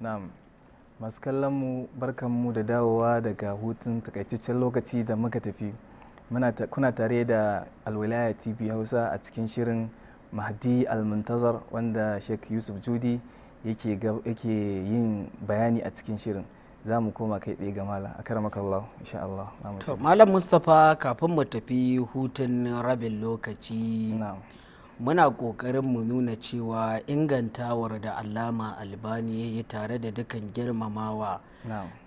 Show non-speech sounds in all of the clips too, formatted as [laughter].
Na'am. Masu kallon mu barkan mu da dawowa daga hutun takaitaccen lokaci da muka tafi. kuna tare da Alwilaya TV Hausa a cikin shirin Mahdi Almuntazar wanda Sheikh Yusuf Judi yake yin bayani a cikin shirin. za mu koma kai tsaye ga malam a karamakallah insha Allah malam Mustapha kafin mu tafi hutun rabin lokaci muna ƙoƙarin mu nuna cewa ingantawar da allama albani ya yi tare da dukan girmamawa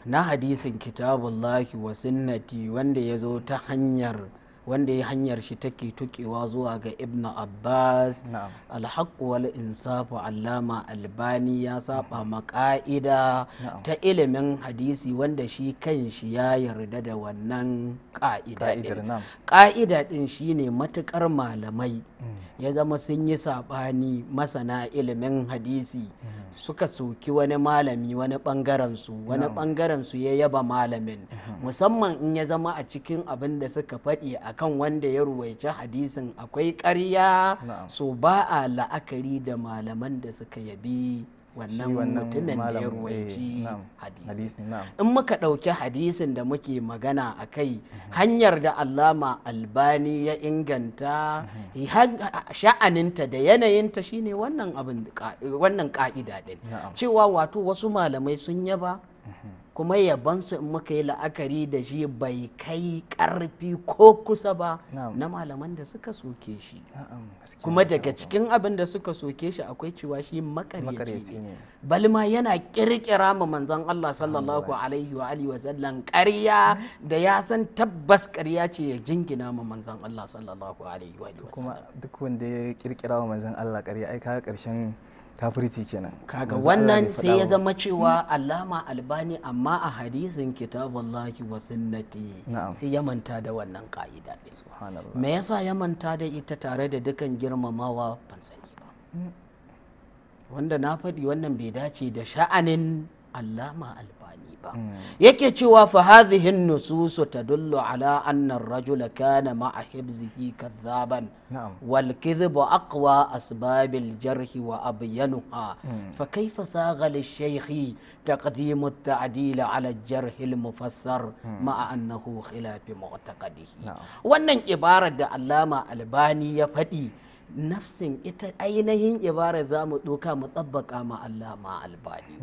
na hadisin kitabullahi wa sunnati wanda ya zo ta hanyar wanda ya hanyar shi take tukewa zuwa ga ibnu abbas alhaqqu wal insafu allama albani ya saba maka'ida ta ilimin hadisi wanda shi kan shi ya yarda da wannan ka'ida din ka'ida din shine matukar malamai mm. ya zama sun yi sabani masana ilimin hadisi mm. suka soki wani malami wani bangaren su wani bangaren su ya yaba malamin musamman in ya zama a cikin abin da suka faɗi akan wanda ya ruwaici hadisin akwai karya su ba a la'akari da malaman da suka yabi wannan mutumin da ya ruwaiki eh, hadisi in muka ɗauki hadisin da muke magana a kai hanyar da allama albani ya inganta mhm. sha'aninta da yanayinta shine wannan ka'ida ɗin cewa wato wasu malamai sun yaba mhm. kuma yabansu in muka yi la'akari da shi bai kai karfi ko kusa ba na malaman da suka soke shi kuma daga cikin abin da suka soke shi akwai cewa shi makaryaci ne balma yana kirkira ma manzon Allah sallallahu alaihi wa alihi sallam ƙarya da ya san tabbas ƙarya ce ya jingina ma manzon Allah sallallahu alaihi wa alihi kuma duk wanda ya kirkira wa manzon Allah ƙarya ai kaga ƙarshen kafirci kenan kaga wannan sai ya zama cewa allama albani amma a hadisin kitabullahi wa sunnati sai ya manta da wannan ka'ida me yasa ya manta da ita tare da dukan girmamawa ban sani ba hmm. wanda na faɗi wannan bai dace da sha'anin allama albani ba hmm. yake cewa fa hadhihi an-nusus tadullu ala anna ar-rajul kana ma'a hibzihi kadhaban wal kadhibu aqwa jarhi al wa abyanuha hmm. fa kayfa sagha lish-shaykh taqdim at-ta'dil ala al al-mufassar hmm. ma'a annahu khilaf mu'taqadihi wannan ibarar da Allama Albani ya faɗi nafsin ita ainihin ibara za mu ɗoka mu tsabbaka ma Allah ma albani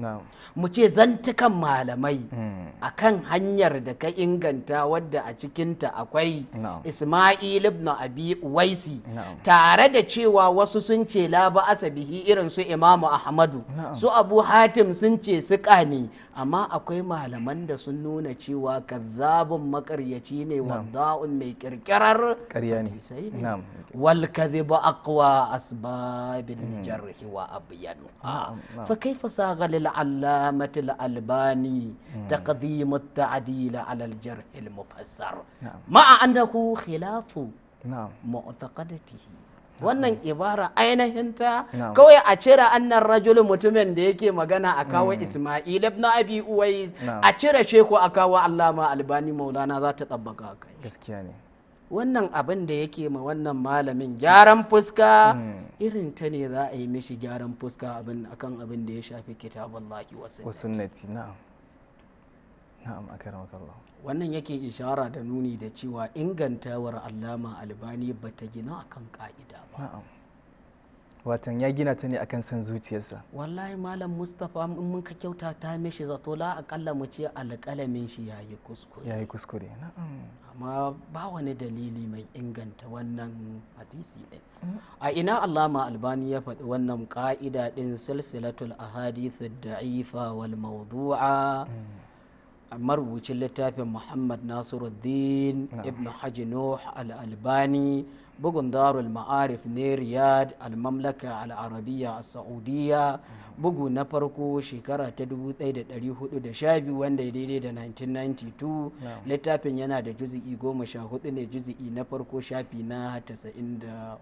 mu ce zantukan malamai hmm. a kan hanyar da ka inganta wadda a cikinta akwai Ismail ibn Abi Waisi tare da cewa wasu sun ce laba ba asabihi irin su Imamu Ahmadu su Abu Hatim sun ce su ne amma akwai malaman da sun nuna cewa kazzabun makaryaci ne wadda'un mai kirkirar hadisai ne wal kadhiba aqwa asbabil jarhi wa abyanu fa kaifa saga lil allamati al albani taqdim at ta'dil ala al jarh al mufassar ma'a annahu khilafu na'am mu'taqadatihi wannan ibara ainihin ta kawai a cire annan rajul mutumin da yake magana a kawo mm. isma'il ibn abi uwais a cire sheku a kawo allama albani maulana za ta tabbaka kai gaskiya ne wannan abin da yake ma wannan malamin gyaran fuska mm. irin ta ne za a yi mishi gyaran fuska akan abin da ya shafi kitabullahi laki wasu na'am wannan yake ishara da nuni da cewa ingantawar allama albani ba ta gina akan ka'ida ba watan ya gina ta ne akan san zuciyarsa wallahi malam mustapha in mun ka kyauta ta mishi zato la akalla mu ce alƙalamin shi yayi kuskure yayi kuskure na'am amma ba wani dalili mai inganta wannan hadisi din mm. a ina allama albani ya faɗi wannan ka'ida din silsilatul ahadith ad-da'ifa wal mawdu'a mm. marubucin littafin muhammad nasiruddin ibn haji nuh al-albani bugun darul ma'arif ne riyad al-mamlaka al-arabiya a saudiya bugu na farko shekara ta 1412 wanda ya daidai da 1992 littafin yana da juzi'i goma sha hudu ne juzi'i na farko shafi na 93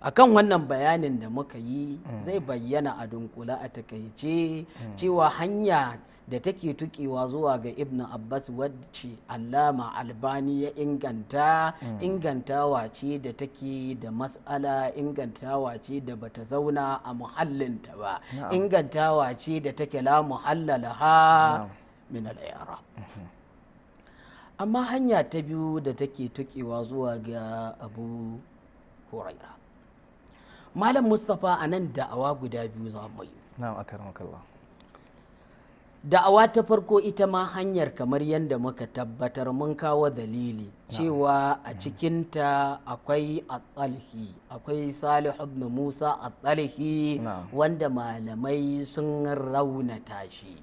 akan wannan bayanin da muka yi mm. zai bayyana a dunkula a takaice mm. cewa hanya da take tukewa zuwa ga ibn abbas wacce alama albani ya inganta mm. ingantawa ce da take da matsala ingantawa ce da bata zauna a muhallinta ba ingantawa ce da take la ha min al'ayara mm-hmm. amma hanya ta biyu da take tukewa zuwa ga abu huraira malam mustapha a nan da'awa guda biyu za mu yi na'am akaramakallah da'awa ta farko ita ma hanyar kamar yadda muka tabbatar mun kawo dalili cewa a cikinta akwai atsalhi akwai salih ibn musa atsalhi wanda malamai sun raunata shi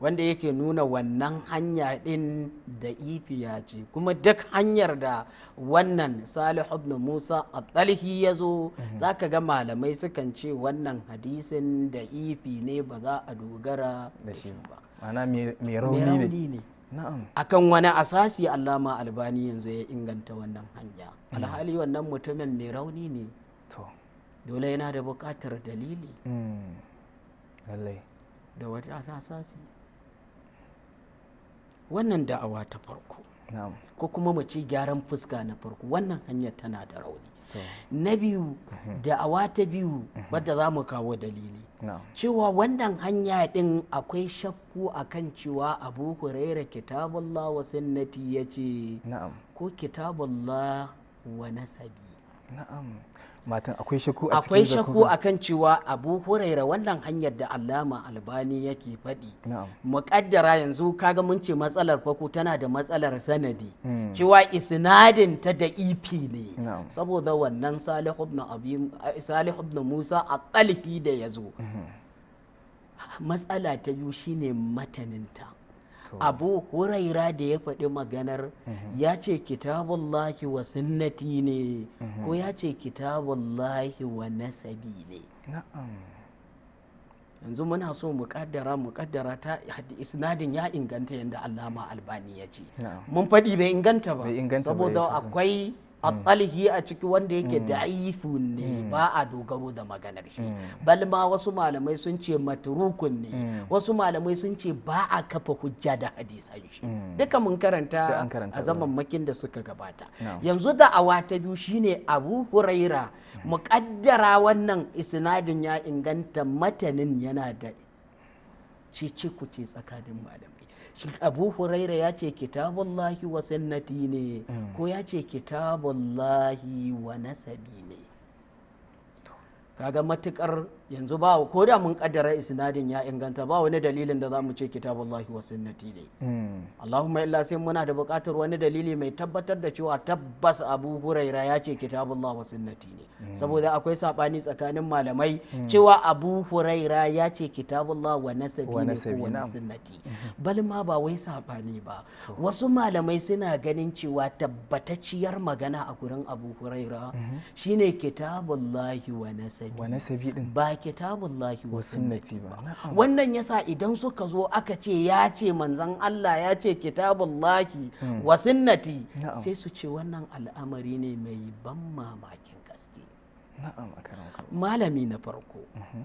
wanda yake nuna wannan hanya ɗin da ifiya ce kuma duk hanyar da wannan Salihu ibn musa abdalhi ya zo mhm. za ka ga malamai sukan ce wannan hadisin da ifi ne ba za a dogara da shi ba mana mai rauni ne akan wani asasi allama albani yanzu ya inganta wannan hanya mhm. alhali wannan mutumin mai rauni ne dole yana da bukatar dalili mm. da wata asasi wannan da'awa ta farko ko kuma mu ce gyaran fuska na farko wannan hanyar tana da rauni na biyu mhm. da'awa ta biyu mhm. wadda za mu kawo dalili cewa wannan hanya din akwai shakku akan cewa abu huraira kitabullah wa sunnati ya ce ko kitabullah wa nasabi matan akwai shaku a akwai shakku akan cewa abu huraira wannan hanyar da allama albani yake faɗi muƙaddara yanzu kaga mun ce matsalar fako tana da matsalar sanadi hmm. cewa isnadin ta da ifi e ne saboda wannan salih ibn musa a da ya zo hmm. matsala ta biyu shine mataninta abu huraira da ya faɗi maganar mhm. ya ce kitabullahi wa sunnati ne mhm. ko ya ce kitabullahi wa nasabi ne yanzu muna so mu kaddara mu ta isnadin ya inganta yadda allama albani ya ce mun faɗi bai inganta ba saboda akwai atalihi a ciki wanda yake mm. da'ifu ne mm. ba a dogaro da maganar shi mm. bal wasu malamai sun ce matrukun ne wasu malamai sun ce ba a kafa hujja da hadisan shi duka mun karanta a zaman makin da suka gabata yanzu da awa ta biyu shine abu huraira muƙaddara wannan isnadin ya inganta matanin yana da cece kuce tsakanin malamai shi abu huraira ya ce kitabullahi wa sannati ne mm. ko ya ce kitabullahi wa nasabi ne kaga matukar yanzu ba ko da mun kaddara isnadin ya inganta ba wani dalilin da za mu ce kitabullahi wa sunnati ne hmm. Allahumma illa sai muna da buƙatar wani dalili mai tabbatar da cewa tabbas Abu Huraira ya ce kitabullahi wa sunnati ne hmm. saboda akwai sabani tsakanin malamai hmm. cewa Abu Huraira ya ce kitabullahi wa nasabi ne ko wa sunnati bal ba wai sabani ba wasu malamai suna ganin cewa tabbatacciyar magana a gurin Abu Huraira shine kitabullahi wa nasabi wa nasabi din kitabullahi wa sunnati ba wannan yasa idan suka zo aka ce ya ce manzon Allah ya ce kitabullahi hmm. wa sunnati sai su ce wannan al'amari ne mai ban mamakin gaske malami na farko mhm.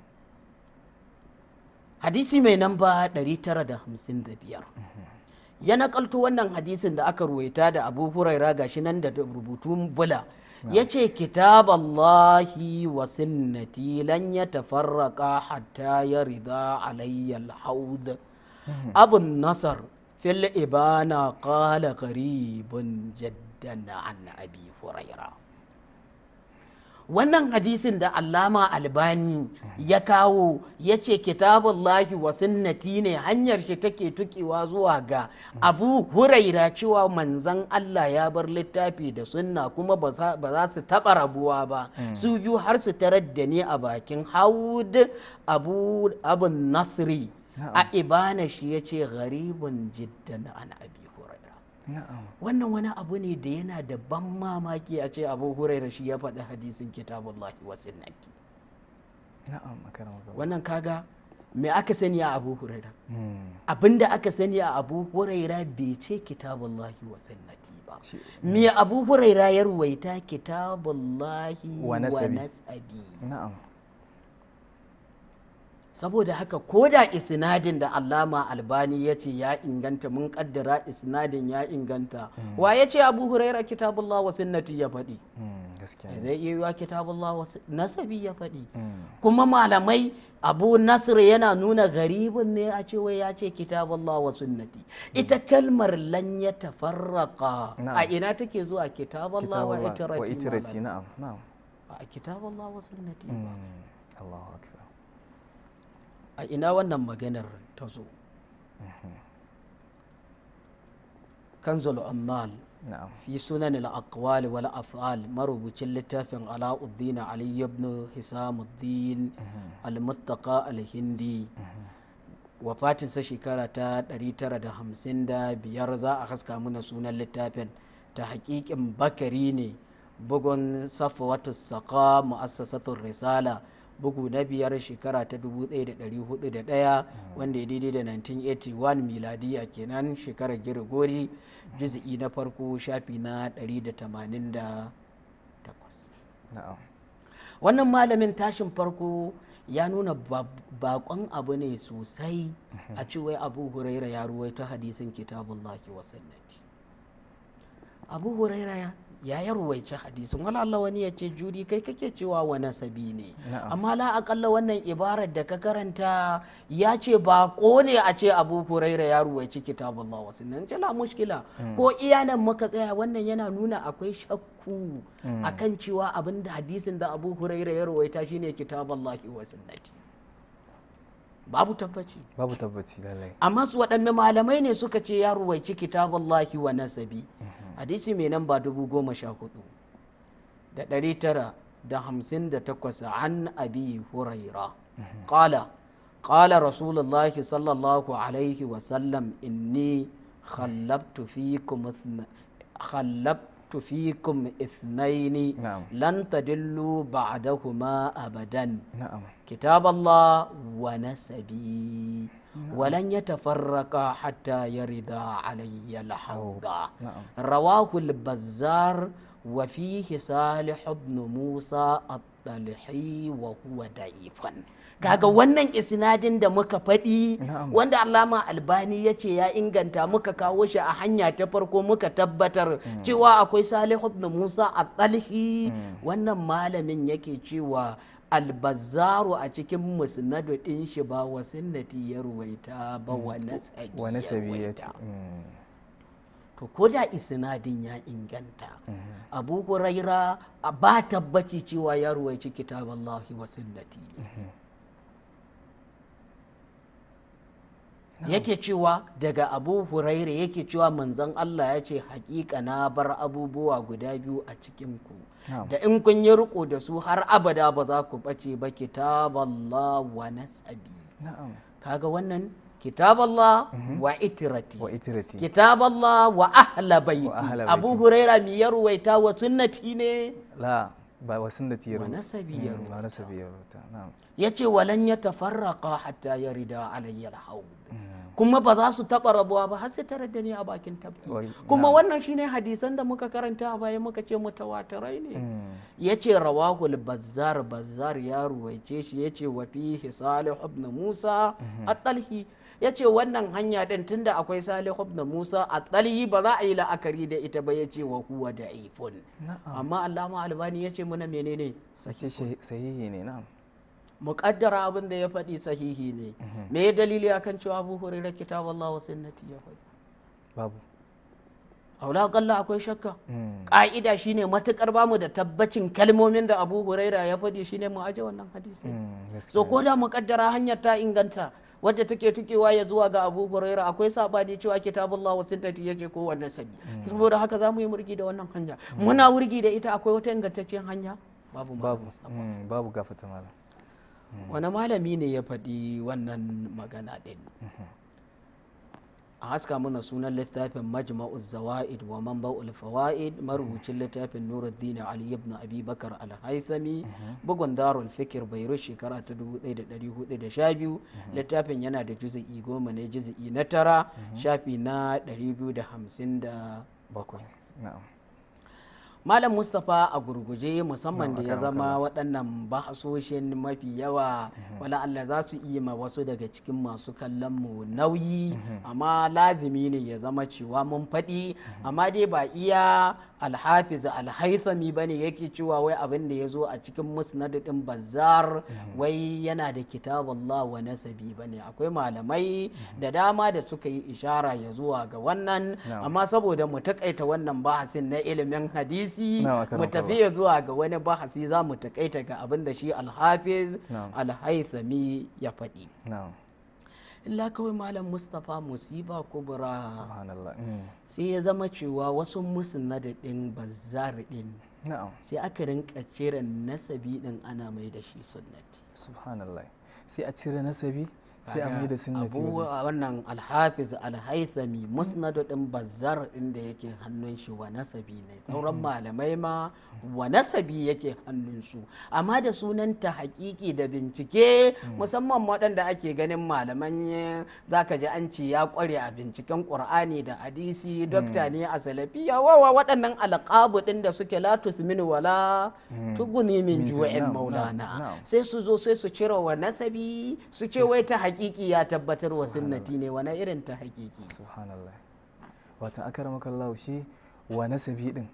hadisi mai namba 955 mhm. ya nakalto wannan hadisin da aka ruwaita da abu huraira gashi nan da rubutun bula ya ce kitab Allahi wa sunnati lan ya tafarraka hatta ya rida alayyal haud mhm. abun nasar fil ibana qala qaribun jaddan an abi huraira wannan hadisin da allama albani ya kawo ya ce kitabullahi wa sunnati ne hanyar shi take tukewa zuwa ga abu huraira cewa manzan allah ya bar littafi da sunna kuma ba za su taɓa rabuwa ba hmm. su biyu har su tarar da ne a bakin haud abu abun nasri a ibana shi ya ce garibin jiddan an abi wannan wani abu ne da yana da ban mamaki a ce abu huraira shi ya faɗi hadisin kitabullahi wasu naki wannan kaga me aka sani a abu huraira hmm. da aka sani a abu huraira bai ce kitabullahi wasu naki ba me abu huraira ya ruwaita kitabullahi wa nasabi na'am saboda haka ko da isnadin da allama albani ya ce ya inganta mun kaddara isnadin ya inganta hmm. wa ya ce abu huraira kitabullah wa sunnati ya faɗi hmm, zai iya yiwa kitabullah wa nasabi ya faɗi hmm. kuma malamai abu nasir yana nuna garibin ne a cewa ya ce kitabullah wa sunnati ita kalmar lan ya tafarraka a ina take zuwa kitabullah wa itirati na'am a kitabullah wa sunnati Allahu akbar a ina wannan maganar ta zo Kan mhm. kanzul ammal fi sunan al'akwali wal af'al marubucin littafin alauddin ali ibn hisamuddin mhm. al muttaka al-hindi mhm. wafatinsa shekara ta 955 za a haska muna sunan littafin ta hakikin bakari ne bugun safawatu saka mu'assasatun risala bugu na biyar shekara ta 1401 wanda ya daidai da 1981 a kenan shekarar girgori juzi'i na farko shafi na 188 wannan malamin tashin farko ya nuna bakon abu ne sosai a cewai abu huraira ya ruwaito hadisin kitabullahi wa wasannin. abu huraira ya yarwaice hadisin wala Allah wani ya ce juri kai kake cewa wa nasabi ne amma la akalla wannan ibarar da ka karanta ya ce ba ko ne a ce Abu Huraira ya ruwaici kitabullah wasu nan ce la mushkila mm. ko iya nan muka tsaya wannan yana nuna akwai shakku mm. a kan cewa abin da hadisin da Abu Huraira ya ruwaita shine laki wa sunnati babu tabbaci babu tabbaci lallai amma su waɗanne malamai ne suka ce ya ruwaici laki wa nasabi mm-hmm. hadisi mai namba dubu goma sha hudu da ɗari tara da hamsin da takwas an abi huraira ƙala ƙala rasulullahi sallallahu alaihi wasallam inni khallabtu fikum خلبت فيكم اثنين نعم. لن تدلوا abadan أبدا نعم. كتاب walan ya tafarraka hatta ya rida رواه البزار rawahul bazzar بن موسى الطلحي وهو musa kaga wannan isnadin da muka faɗi wanda allama albani ya ce ya inganta muka kawo shi a hanya ta farko muka tabbatar hmm. cewa akwai salihu ibn musa a tsalhi hmm. wannan malamin yake cewa albazaru a cikin musnadu din shi ba wa sunnati ya ruwaita ba mm. wa nasabi ya mm. to ko da isnadin ya inganta mm-hmm. abu huraira ba tabbaci cewa ya ruwaici kitaballahi wa sunnati mm-hmm. yake cewa daga abu huraira yake cewa manzon Allah ya ce hakika na bar abubuwa guda biyu a cikin ku da in kun yi riko da su har abada ba za ku bace ba kitaballah wa nasabi kaga wannan kitaballah mhm. wa itirati kitaballah wa ahla baiti abu huraira mi ya ruwaita wa sunnati ne la ba wa sunnati ya ruwaita hmm, wa nasabi ya ruwaita yace walan yatafarraqa hatta yarida alayya alhawd hmm. kuma ba za su taɓa rabuwa ba har sai tare da ni a bakin tabbaci kuma wannan shine hadisan da muka karanta a baya muka ce mutawatirai ne hmm. yace rawahul bazzar bazar ya ruwaice shi yace wa fihi salih ibn musa hmm. at-talhi yace wannan hanya din tunda akwai salih ibn musa at-talhi ba za a yi la'akari da ita ba yace wa huwa da'ifun amma allama albani yace muna menene sahihi ne na'am muƙaddara abin da ya faɗi sahihi ne mhm. me ya dalili akan cewa abu huraira kitab Allah wa sunnati ya faɗi babu aula kalla akwai shakka hmm. ƙa'ida shine matuƙar bamu da tabbacin kalmomin da abu huraira ya faɗi shine mu aje wannan hadisi hmm, so ko da muƙaddara hanyar ta inganta wadda take tukewa ya zuwa ga abu huraira akwai saɓani cewa kitabullah wa sunnati yace ko wannan sabi hmm. saboda haka za mu yi murgi da wannan hanya muna wurgi da ita akwai wata ingantaccen hanya babu babu babu gafata malam wani malami ne ya faɗi wannan magana ɗin a haska mana sunan littafin majma'u zawa'id wa ba'ul fawaid marubucin littafin nuruddin ali ibn abi bakar al-haythami bugun darul fikir bairu shekara ta 1412 littafin yana da juzu'i goma ne juzu'i na tara shafi na 257 Malam Mustapha a gurguje musamman da ya zama waɗannan bahasoshin mafi yawa mhm. wala Allah za su iya ma wasu daga cikin masu kallon mu nauyi mhm. amma lazimi ne ya zama cewa mun faɗi mhm. amma dai ba iya alhafiz alhaithami ba ne yake cewa wai abin da ya zo a cikin musnad bazar wai yana da kitabullah wa nasabi ba ne akwai malamai da dama da suka yi ishara ya zuwa ga wannan amma saboda mu takaita wannan bahasin na ilimin hadisi hadisi mu zuwa ga wani bahasi za mu takaita ga abin da shi alhafiz alhaithami ya faɗi illa kawai malam mustapha musiba kubra mm. sai ya zama cewa wasu musnad din bazzar ɗin sai aka rinka cire nasabi din ana mai da shi sunnati sai a cire nasabi sai a mai da sunna abu wannan alhafiz alhaithami musnadu din bazar inda yake hannun shi wa nasabi ne sauran mm-hmm. malamai ma wa nasabi yake hannun su amma da sunan ta hakiki da bincike mm. musamman waɗanda ake ganin malaman zaka ji an ce ya ƙware a binciken qur'ani da hadisi mm. dokta ne a salafiya wawa waɗannan alqabu din da suke Latus tusmin wala mm. tuguni min juwa'in maulana sai su zo sai su cire wa nasabi su ce wai ta hakiki ya tabbatar wa sunnati ne wani irin ta hakiki subhanallah watan akaramaka shi wa nasabi din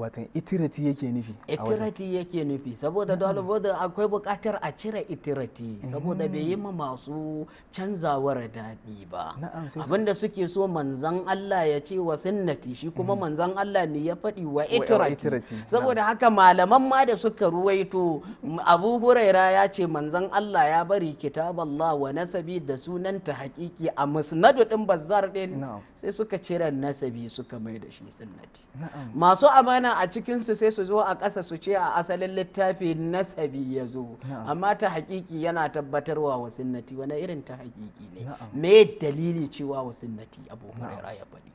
watan itirati yake nufi itirati yake nufi saboda mm-hmm. dole akwai buƙatar a cire itirati saboda bai yi ma masu canzawar daɗi ba abinda suke so manzan Allah ya ce wa sunnati shi kuma mm-hmm. manzan Allah ne ya faɗi wa itirati saboda haka malaman ma da suka ruwaito abu huraira ya ce manzan Allah ya bari kitab Allah wa nasabi da sunan ta haƙiƙi a musnadu ɗin bazzar ɗin sai suka cire nasabi suka mai da shi sunnati masu amana Yana a cikinsu sai su zo a ƙasa su ce a asalin littafi nasabi ya zo amma ta hakiki yana tabbatarwa wa sunnati wani irin ta hakiki ne me dalili cewa wa sunnati abu huraira ya faɗi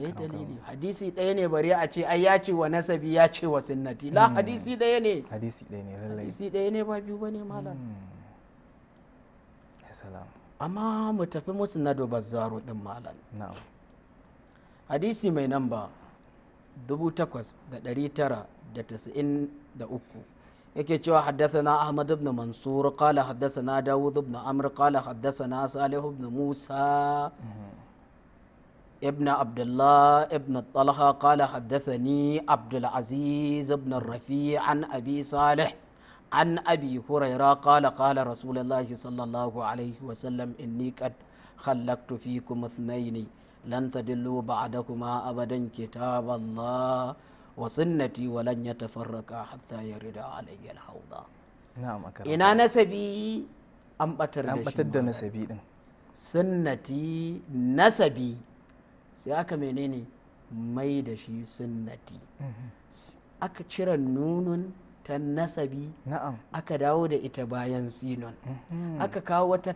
me dalili hadisi ɗaya ne bari a ce ai ya ce wa nasabi ya ce wa sunnati la hmm. hadisi ɗaya ne hadisi ɗaya ne lallai hadisi ɗaya ne ba biyu ne malam hmm. amma mu tafi musu musnadu zaro din malam na'am hadisi mai namba 8993 yake cewa haddathana ahmad ibn mansur qala haddathana dawud ibn amr qala haddathana salih ibn musa ابن عبد الله ابن طلحة قال حدثني عبد العزيز بن الرفيع عن أبي صالح عن أبي هريرة قال قال رسول الله صلى الله عليه وسلم إني قد خلقت فيكم اثنين lan da kuma abadan kitaballah wa sunnati wa lan yatafarraqa hatta yarida alayya alhawda na'am ina nasabi an batar da shi sunnati nasabi sai aka menene mai da shi sunnati aka cire nunun ta nasabi aka dawo da ita bayan sinon mhm. aka kawo wata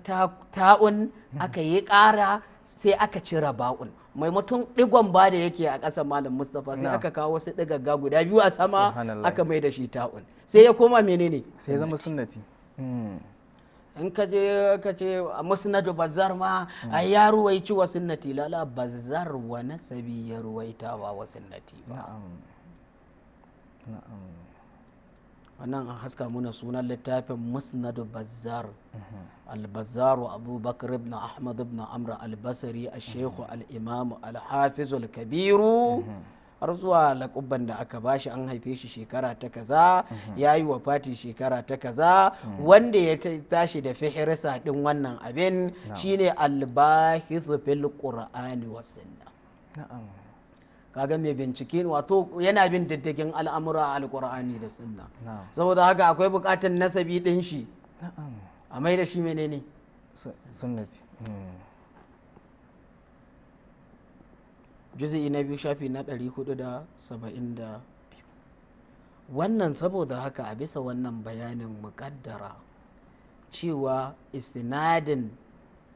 ta'un aka yi ƙara sai aka cira ba'un maimakon digon ba da yake a ƙasa malam mustapha sai aka kawo wasu digagga guda biyu a sama aka mai da shi ta'un sai ya koma menene sai zama sunnati hmm. in ka je ka ce musnadu bazar ma hmm. a ya ruwaici wa sunnati lala bazar wa nasabi ya ruwaita ba wa sunnati ba na'am wannan an haska muna sunan littafin musnadu Bazar. al-bazzar wa Bakar ibn ahmad ibn amra al A shehu sheikhu al imamu al-hafiz al-kabiru har zuwa lakubban da aka bashi an haife shi shekara ta kaza ya yi wa fati shekara ta kaza wanda ya tashi da fihirsa din wannan abin shine al-bahith fil kaga mai bincike wato yana bin diddigin al'amura a alkur'ani da sunna saboda haka akwai bukatan nasabi din shi a mai da shi menene sunnati hmm. juzi'i na biyu shafi na 472 wannan saboda haka a bisa wannan bayanin mukaddara cewa istinadin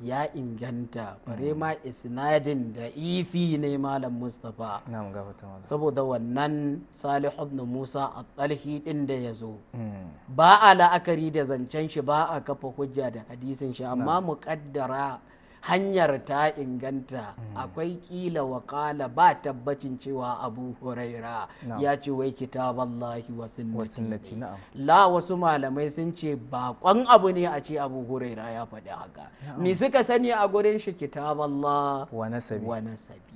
ya inganta bare hmm. ma isnadin da ifi ne malam mustapha saboda wannan salihu ibn musa a tsalhi din da ya zo hmm. ba a la'akari da zancen shi ba a kafa hujja da hadisin shi amma muƙaddara hanyar ta inganta hmm. akwai kila wakala ba tabbacin cewa abu huraira ya ce wai kitaballahi wa la wasu malamai sun ce bakon abu ne a ce abu huraira ya faɗi haka me suka sani a gurin shi kitaballah wa nasabi mhm.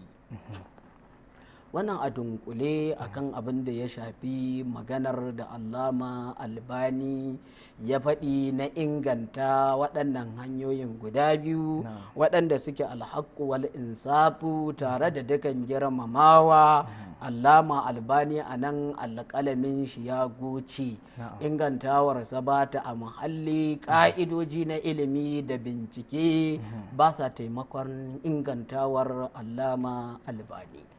wannan a dunkule akan abin da ya shafi maganar da allama albani ya faɗi na inganta waɗannan hanyoyin guda biyu waɗanda suke alhaku wal insafu tare da dukan girmamawa allama albani a nan alƙalamin shi ya goce ingantawarsa ba a muhalli ƙa'idoji na ilimi da bincike ba sa taimakon ingantawar allama albani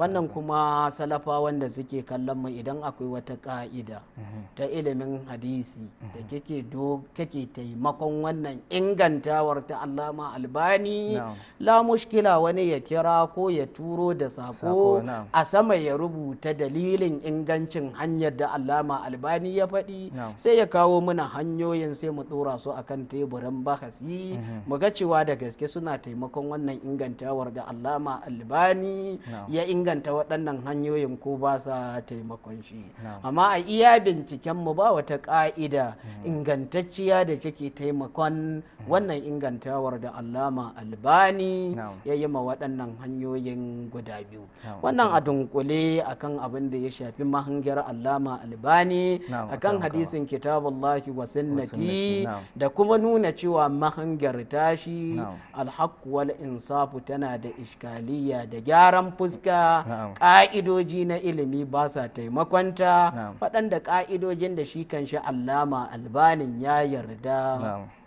wannan kuma salafa wanda suke kallon mu idan akwai wata ka'ida mhm. ta ilimin hadisi da mhm. kake do kake taimakon wannan ingantawar ta allama albani la mushkila wani ya kira ko ya turo da sako a sama ya rubuta dalilin ingancin hanyar da allama albani ya faɗi sai ya kawo mana hanyoyin sai mu ɗora su a kan teburin bahasi mhm. mu ga cewa da gaske suna taimakon wannan ingantawar da allama albani ya inganta waɗannan hanyoyin ko ba sa taimakon shi amma a iya binciken mu ba wata ƙa'ida hmm. ingantacciya da take taimakon hmm. wannan ingantawar da allama albani ya yi ma waɗannan hanyoyin guda biyu wannan a dunkule akan abin da ya shafi mahangar allama albani a kan hadisin kitabullahi wa sunnati da kuma nuna cewa mahangar tashi alhaq wal insafu tana da iskaliya da gyaran fuska iska ka'idoji na ilimi ba sa taimakonta waɗanda ka'idojin da shi kan shi allama albanin ya yarda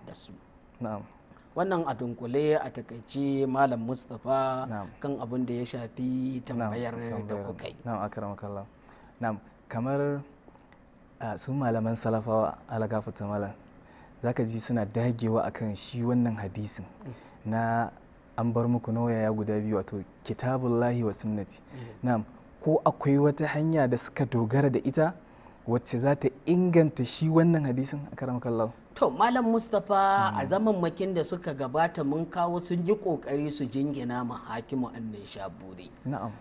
da su wannan a dunkule a takaice malam mustapha kan abin da ya shafi tambayar da kuka yi na'am kamar su malaman salafawa tamala za ka ji suna dagewa akan shi wannan hadisin mm. na an bar muku nauyaya guda biyu wato kitabun lahi wa sunnati eh. ko akwai wata hanya da suka dogara da ita wacce za ta inganta shi wannan hadisin a kallon. to malam mustapha a hmm. zaman makin da suka gabata mun kawo sun yi kokari su jingina ma hakimu annin shaburi na'am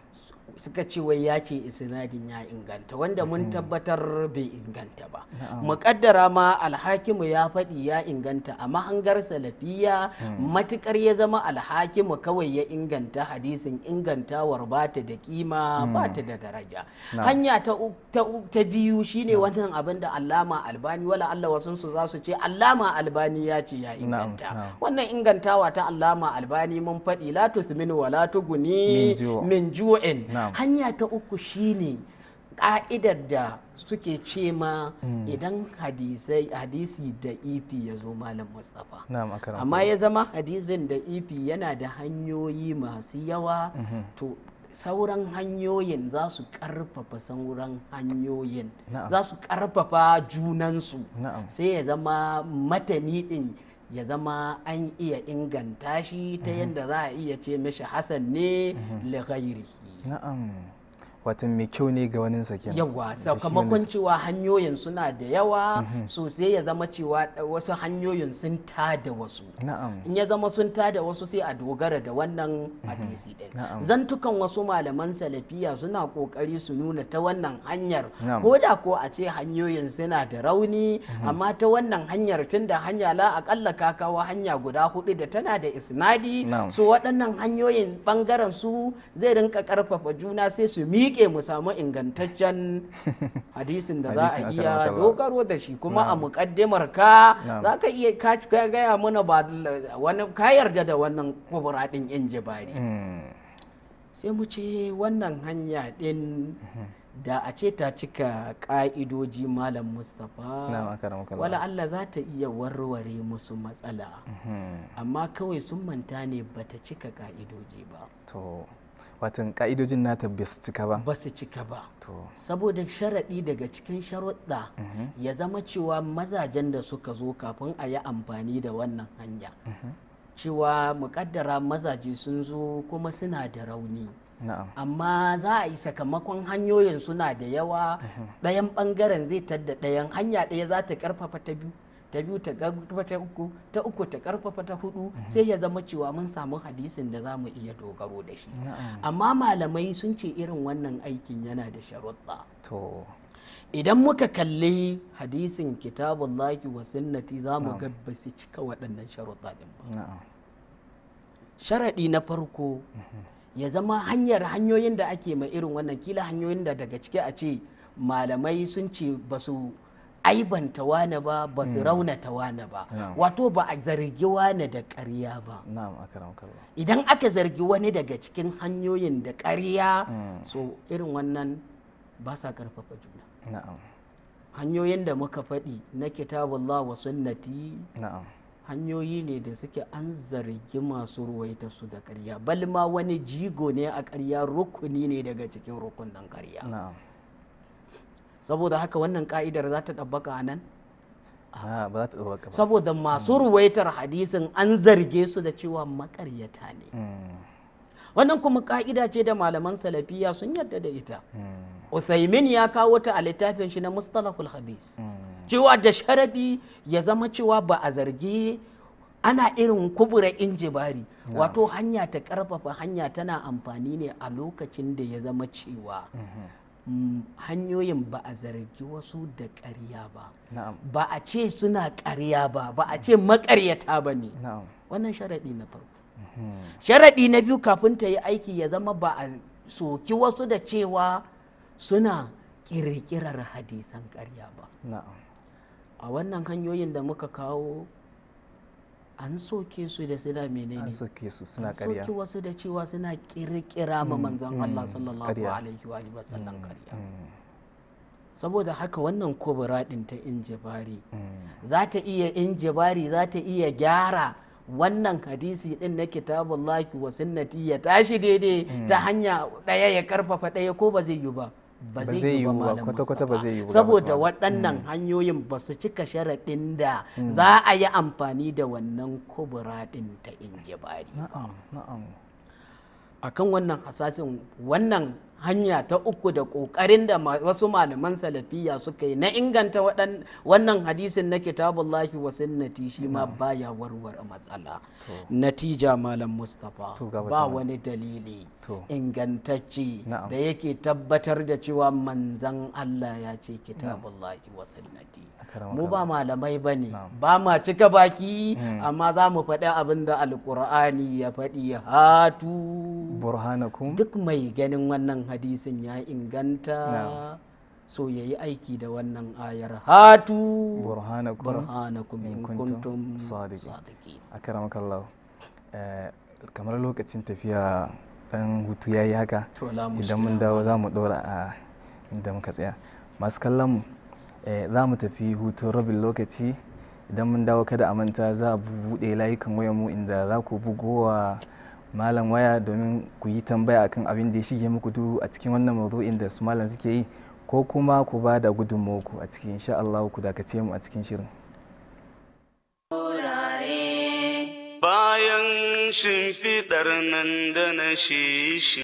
suka ce wai ya ce isnadin ya inganta wanda mun mm-hmm. tabbatar bai inganta ba muƙaddara ma alhakimu ya faɗi ya inganta a mahangar salafiya mm. matukar ya zama alhakimu kawai ya inganta hadisin ingantawar ba ta da kima ba mm. ta da daraja hanya ta biyu shine wannan abin da allama albani wala Allah wasun za su ce allama albani ya ce ya inganta wannan ingantawa ta allama albani mun faɗi la tusmin wala tuguni min ju'in hanya ta uku shine ka'idar da suke ce ma hmm. idan hadisi da ifi ya zo malam mustapha amma ya zama hadisin da ifi yana da hanyoyi masu yawa mhm. to sauran hanyoyin za su karfafa sauran hanyoyin za su karfafa junansu sai ya zama matani din ya zama an iya inganta shi ta mhm. yadda za a iya ce mishi hasan ne mhm. li watan mai kyau ne ga wani sakin yawa sakamakon cewa hanyoyin suna da yawa mm-hmm. sosai ya zama cewa eh, wasu hanyoyin sun ta da wasu in ya zama sun ta da wasu sai a dogara da wannan mm-hmm. hadisi din zantukan wasu malaman salafiya suna kokari su nuna ta wannan hanyar ko da ko a ce hanyoyin suna da rauni mm-hmm. amma ta wannan hanyar tunda hanya la akalla ka kawo hanya guda hudu da tana da isnadi so waɗannan hanyoyin bangaren su zai rinka karfafa juna sai su mi rike mu samu ingantaccen [laughs] hadisin da za a iya dogaro da shi kuma a muƙaddimar ka za ka iya gaya mana ba wani ka yarda da wannan kuburadin ɗin in jibari hmm. sai mu ce wannan hanya ɗin hmm. da a ce ta cika ƙa'idoji malam mustapha wala Allah za ta iya warware musu matsala hmm. amma kawai sun manta ne ba ta cika ƙa'idoji ba watan ka'idojin nata ba su cika ba ba su cika ba saboda sharaɗi daga cikin sharuɗa mm-hmm. ya zama cewa mazajen da suka zo kafin a yi amfani da wannan hanya mm-hmm. cewa muƙaddara mazaje sun zo kuma suna da rauni amma za a yi sakamakon hanyoyin suna da yawa mm-hmm. ɗayan ɓangaren zai tadda ɗayan hanya ɗaya za ta ƙarfafa ta biyu ta biyu ta karfafa ta uku ta uku ta karfafa ta hudu mhm. sai ya zama cewa mun samu hadisin da za mu iya dogaro da shi amma malamai sun ce irin wannan aikin yana da sharuɗa to idan muka kalli hadisin kitabullahi wa sunnati za mu gabbasi cika waɗannan sharuɗa din ba sharaɗi na farko mhm. ya zama hanyar hanyoyin da ake ma irin wannan kila hanyoyin da daga ciki a ce malamai sun ce ba su aibanta wane ba ba su hmm. raunata wane ba wato ba a zargi wane da karya ba idan aka zargi wani daga cikin hanyoyin da ƙarya hmm. so irin wannan ba sa ƙarfafa juna hanyoyin da muka faɗi na kitabullah wa sunnati hanyoyi ne da suke an zargi masu ruwaita su da karya. balma wani jigo ne a ƙarya rukuni ne daga cikin rukunin karya. saboda haka wannan ka'idar za ta ɗabbaka a nan saboda masu ruwaitar hadisin an zarge su da cewa makaryata ne hmm. wannan kuma ka'ida ce da malaman salafiya sun yarda da ita hmm. Uthaymin ya kawo ta a littafin shi na mustalahul hadis hmm. cewa da sharadi ya zama cewa ba a zarge ana irin kubura injibari wato hanya ta karfafa hanya tana amfani ne a lokacin da ya zama cewa hanyoyin ba a zargi wasu da ƙarya ba ba a ce suna ƙarya ba ba a ce maƙaryata ba ne wannan sharaɗi na farko mhm. sharaɗi na biyu kafin ta yi aiki ya zama ba a soki wasu da cewa suna ƙirƙirar hadisan ƙarya ba a wannan hanyoyin da muka kawo an soke su da suna menene an soke su suna karya soke wasu da cewa suna kirkira ma mm, manzan Allah mm, sallallahu alaihi wa alihi wasallam karya mm, saboda haka wannan kubura din ta injibari za ta iya injibari za ta iya gyara wannan hadisi din na kitabullahi wa sunnati ya tashi daidai ta hanya daya ya karfafa daya ko ba zai yi ba ba zai yi ba kwata-kwata ba zai yi saboda waɗannan mm. hanyoyin ba su cika sharaɗin da mm. za a yi amfani da wannan kubura ɗin ta injibari akan wannan asasin wannan hanya ta uku da ƙoƙarin da wasu malaman salafiya suka yi na inganta wannan hadisin na kitabullahi wa sunnati shi ma baya warware matsala natija malam mustapha ba wani dalili ingantacce da yake tabbatar da cewa manzan allah ya ce kitabullahi wa sunnati mu ba malamai ba ne ba ma cika baki hmm. amma za mu faɗi abin da alƙur'ani ya faɗi hatu burhanakum duk mai ganin wannan hadisin ya inganta so ya yi aiki da wannan ayar hatu burhanakum in kuntum sadiki a karamakallahu eh, kamar lokacin tafiya dan hutu ya yi haka idan mun dawo za mu dora a inda muka tsaya masu kallon mu Eh, za mu tafi hutun rabin lokaci idan mun dawo kada a manta za a buɗe layukan wayar mu inda za ku wa malam waya domin ku yi tambaya akan abin da ya shige muku du a cikin wannan maudu'in da su malam suke yi ko kuma ku ba da ku a cikin insha Allah ku dakace mu a cikin shirin. Bayan shimfiɗar nan da na shi